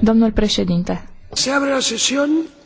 Domnul președinte. Se abre la sesiune.